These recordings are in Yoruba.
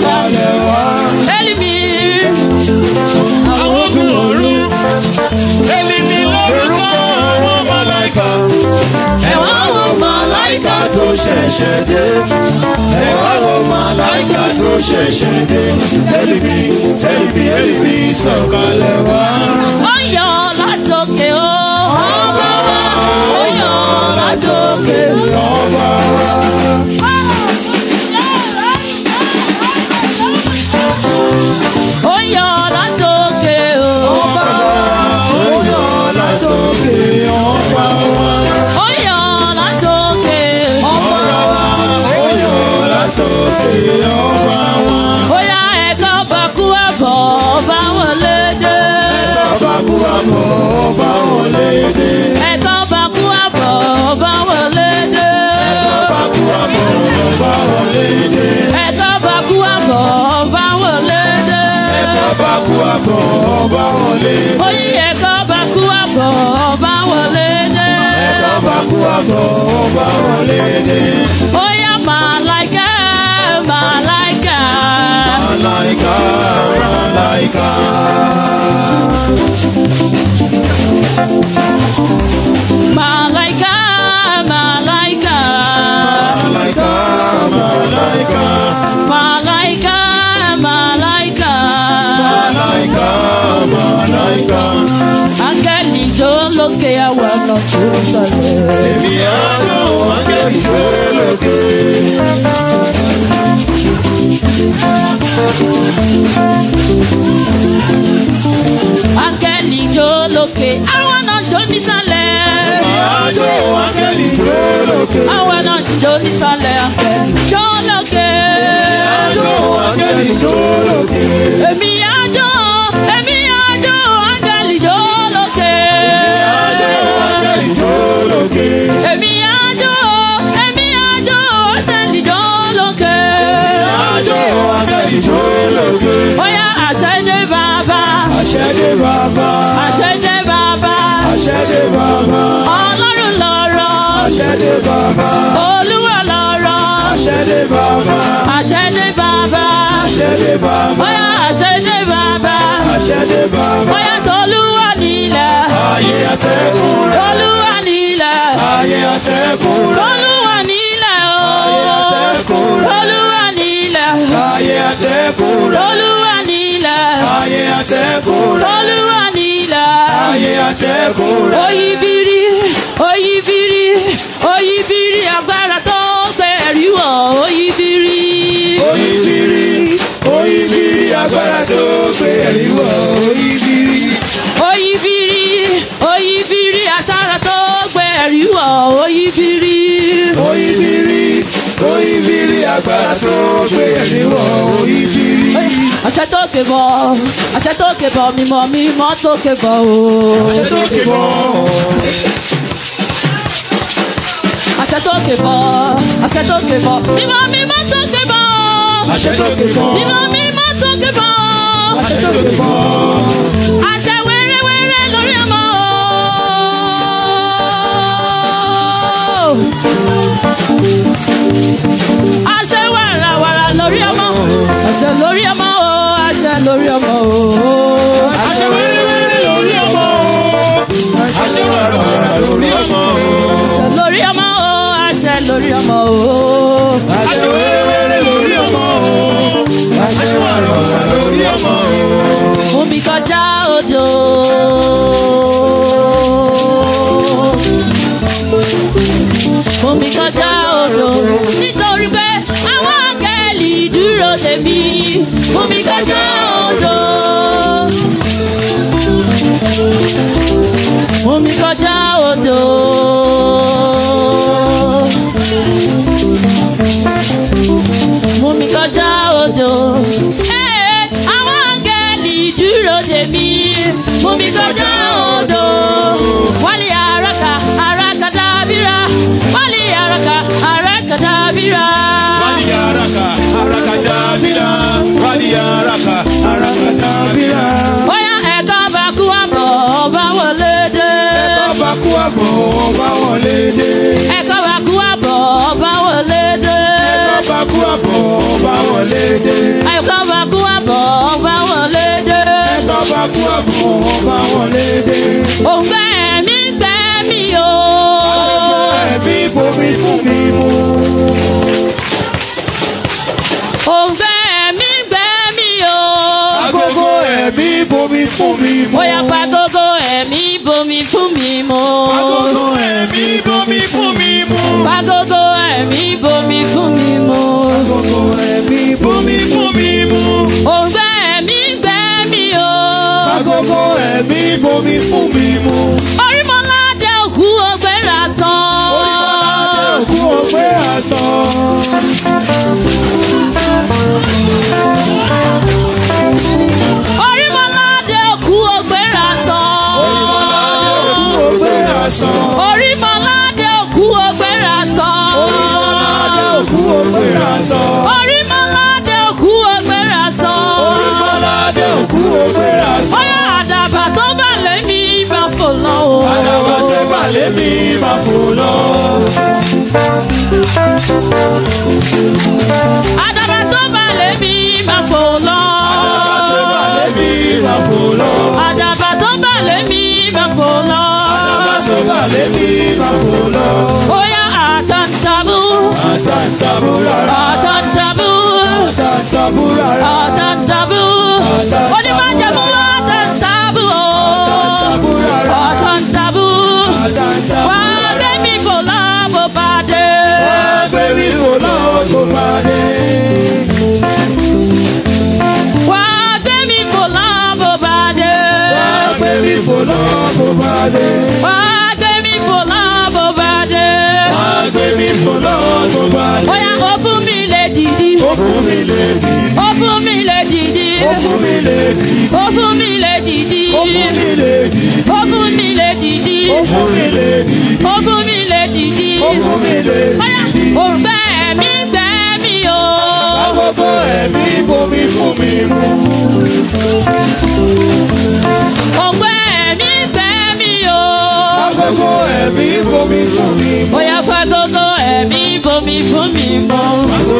sọ̀kalẹ̀ wá. Elimi àwọn ogun òru. Elimi lórúkọ àwọn màláìka. Ẹ̀wọ̀n àwọn màláìka tó ṣẹ̀ṣẹ̀ dé. Ẹ̀wọ̀n àwọn màláìka tó ṣẹ̀ṣẹ̀ dé. Elimi Elimi Elimi sọ̀kalẹ̀ wá. Ó yọ. Oya malaika, malaika. Malaika, malaika. Áńgẹ́lì jó lókè, àwọn náà jó nísàlẹ̀. Àjò áńgẹ́lì jó lókè. Àwọn náà jó nísàlẹ̀ áńgẹ́lì jó lókè. Àjò áńgẹ́lì jó lókè. Èmi àjò, èmi àjò. àṣẹdé bàbá. àṣẹdé bàbá. àṣẹdé bàbá. ọlọ́run lọ̀rọ̀. àṣẹdé bàbá. olúwa lọ̀rọ̀. àṣẹdé bàbá. àṣẹdé bàbá. àṣẹdé bàbá. bóyá àṣẹdé bàbá. àṣẹdé bàbá. bóyá tolúwa nílẹ̀. ayé àtẹ̀kùn rẹ̀. tolúwa nílẹ̀. ayé àtẹ̀kùn rẹ̀. tolúwa nílẹ̀. àtẹ̀kùn rẹ̀. olúwa ni ìlà. ayé àtẹ̀kùn rẹ̀. oyibiri oyibiri oyibiri agbára tó gbẹ̀rí wọ̀ oyibiri. oyibiri oyibiri agbára tó gbẹ̀rí wọ̀ oyibiri. oyibiri oyibiri agbára tó gbẹ̀rí wọ̀ oyibiri. oyibiri oyibiri agbára tó gbẹ̀rí wọ̀ oyibiri àṣẹ tó ké bọ̀ àṣẹ tó ké bọ̀ mímọ́ mímọ́ tó ké bọ̀ o. àṣẹ tó ké bọ̀. àṣẹ tó ké bọ̀ àṣẹ tó ké bọ̀ mímọ́ mímọ́ tó ké bọ̀. àṣẹ tó ké bọ̀. mímọ́ mímọ́ tó ké bọ̀. àṣẹ tó ké bọ̀. lórí ọmọ o. àṣẹ wẹ́rẹ́wẹ́rẹ́ lórí ọmọ o. àṣẹ wàràwàrà lórí ọmọ o. àṣẹ lórí ọmọ o. àṣẹ lórí ọmọ o. àṣẹ wẹ́rẹ́wẹ́rẹ́ lórí ọmọ o. wọlé dé. ẹ̀kọ́ bá kú àbọ̀ ọba wọlé dé. ẹ̀kọ́ bá kú àbọ̀ ọba wọlé dé. òǹgbẹ ẹ̀mí gbẹ mi o. ẹ̀mí bomi fún mi mu. òǹgbẹ ẹ̀mí gbẹ mi o. agogo ẹ̀mí bomi fún mi mu. ó yá fa agogo ẹ̀mí bomi fún mi mu. mismo. èmi máa fò lọ. àdàbà tó bá lèmi máa fò lọ. àdàbà tó bá lèmi máa fò lọ. àdàbà tó bá lèmi máa fò lọ. àdàbà tó bá lèmi máa fò lọ. ó yá àtàntàbù. rárá. àtàntàbù. àtàntàbù rárá. àtàntàbù. kò lóògùn gbàdé. ó yá ó fún mi lè dìdí. ó fún mi lè dìdí. ó fún mi lè dìdí. ó fún mi lè dìdí. ó fún mi lè dìdí. ó fún mi lè dìdí. ó fún mi lè dìdí. ó fún mi lè dìdí. ó fún mi lè dìdí. ó fún mi lè dìdí. ó yá òǹgbẹ mi gbẹ mi o. àkókò ẹ̀mí bomi fún mi mú. ẹ̀mí bomi fún mi mọ́. bóyá fagogo ẹ̀mí bomi fún mi mọ́. fagogo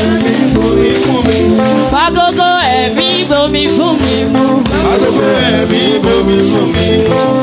ẹ̀mí bomi fún mi mọ́. fagogo ẹ̀mí bomi fún mi mọ́. fagogo ẹ̀mí bomi fún mi mọ́.